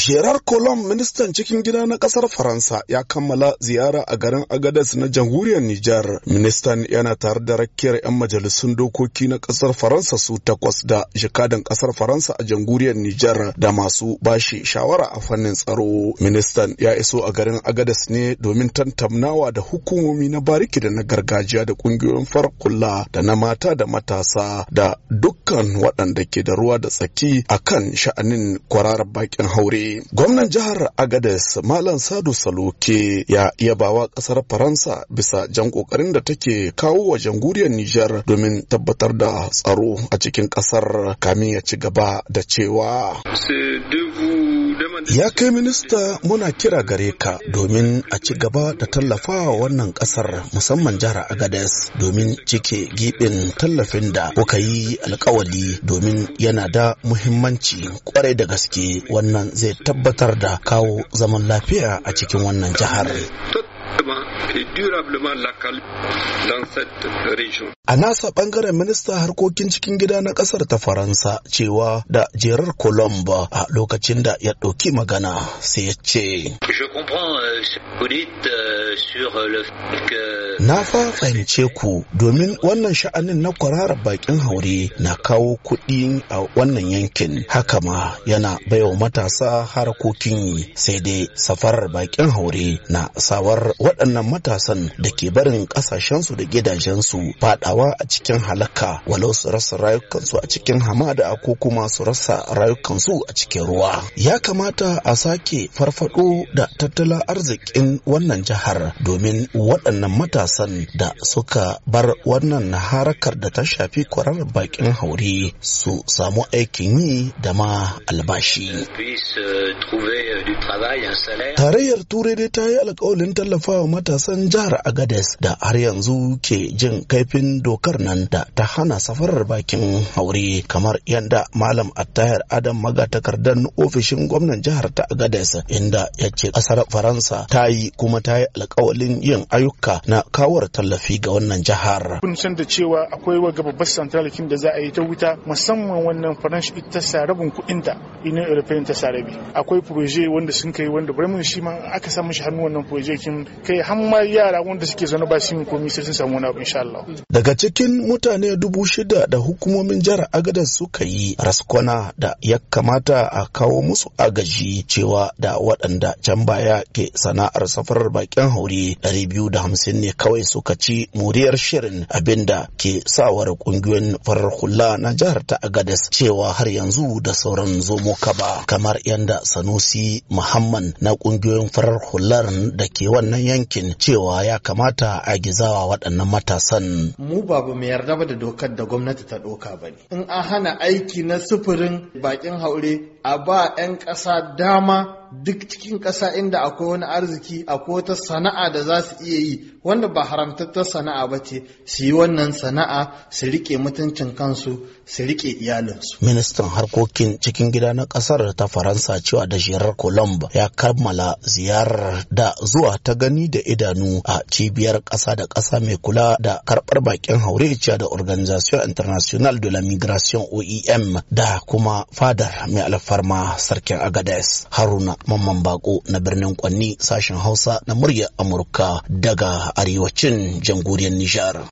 Gerard kolon ministan cikin gida na kasar Faransa ya kammala ziyara a garin Agadez na jamhuriyar Nijar. Ministan yana tare da rakiyar 'yan majalisun dokoki na kasar Faransa su takwas da jikadan kasar Faransa a jamhuriyar Nijar da masu bashi shawara a fannin tsaro. Ministan ya iso a garin Agadez ne domin tantamnawa da hukumomi na bariki da na gargajiya da kungiyoyin farkula da na mata da matasa da dukkan waɗanda ke da ruwa da tsaki akan sha'anin kwararar bakin haure. gwamnan jihar agades malam sadu saluke ya yabawa kasar faransa bisa jan kokarin da take kawo wa jamhuriyar nijar domin tabbatar da tsaro a cikin kasar kamin ya ci gaba da cewa Ya kai minista muna kira gare ka domin a ci gaba da tallafawa wannan kasar musamman jihar agades domin cike gibin tallafin da kuka yi alkawali domin yana da muhimmanci kwarai da gaske wannan zai tabbatar da kawo zaman lafiya a cikin wannan jihar. A nasa bangaren minista harkokin cikin gida na kasar ta Faransa cewa da jerar Colomba a lokacin da ya ɗauki magana sai ya ce. Na fahimce ku domin wannan sha'anin na kwarara bakin haure na kawo kuɗi a wannan yankin haka ma yana baiwa matasa harkokin yi sai dai safarar bakin haure na sawar waɗannan matasan da ke barin ƙasashensu da gidajensu fadawa a cikin halaka walau su rasa rayukansu a cikin hamada ko kuma su rasa rayukansu a cikin ruwa. Ya kamata a sake farfado da tattalin arzikin wannan jihar domin waɗannan matasan da suka bar wannan harakar da ta shafi kwarar bakin haure su samu aikin yi da ma albashi. Tarayyar Turai dai ta yi alkawalin tallafawa matasan jihar Agades da har yanzu ke jin kaifin dokar nan da ta hana safarar bakin haure kamar yadda Malam tayar Adam magatakardar ofishin gwamnan jihar ta Agades inda ya ce ƙasar Faransa ta yi kuma ta yi alkawalin yin ayyuka na kawar tallafi ga wannan jihar. Kun san da cewa akwai waga babbar santralikin da za a yi ta wuta musamman wannan faransh ita sarabin kuɗin da ina european ta sarabi. Akwai proje wanda sun kai wanda bremen shi ma aka sa mishi hannu wannan proje kin kai har ma yara wanda suke zaune ba su yin komai sai sun samu wani abu insha Allah. Daga cikin mutane dubu shida da hukumomin jihar Agadez suka yi raskwana da ya kamata a kawo musu agaji cewa da waɗanda can baya ke sana'ar safarar bakin muri 250 ne kawai suka ci muriyar shirin abinda ke sawar kungiyoyin farar hula na jihar ta agadas cewa har yanzu da sauran zomo kaba kamar yadda sanusi muhammad na kungiyoyin farar hular da ke wannan yankin cewa ya kamata a gizawa waɗannan matasan mu ba mu yarda ba da dokar da gwamnati ta ɗauka ba ne in an hana aiki na sufurin bakin haure a ba 'yan ƙasa dama duk cikin ƙasa inda akwai wani arziki akwai wata sana'a da za su iya yi wanda ba haramtattar sana'a ba ce su yi wannan sana'a su rike mutuncin kansu su rike iyalinsu. Ministan harkokin cikin gida na kasar ta Faransa cewa da shirar Colombe ya kammala ziyarar da zuwa ta gani da idanu a cibiyar ƙasa da ƙasa mai kula da karɓar bakin haure da Organisation International de la Migration OEM da kuma fadar mai alfarma sarkin Agades Haruna Mamman Bako na birnin Kwanni sashen Hausa na murya Amurka daga a arewacin jamhuriyar Nijar.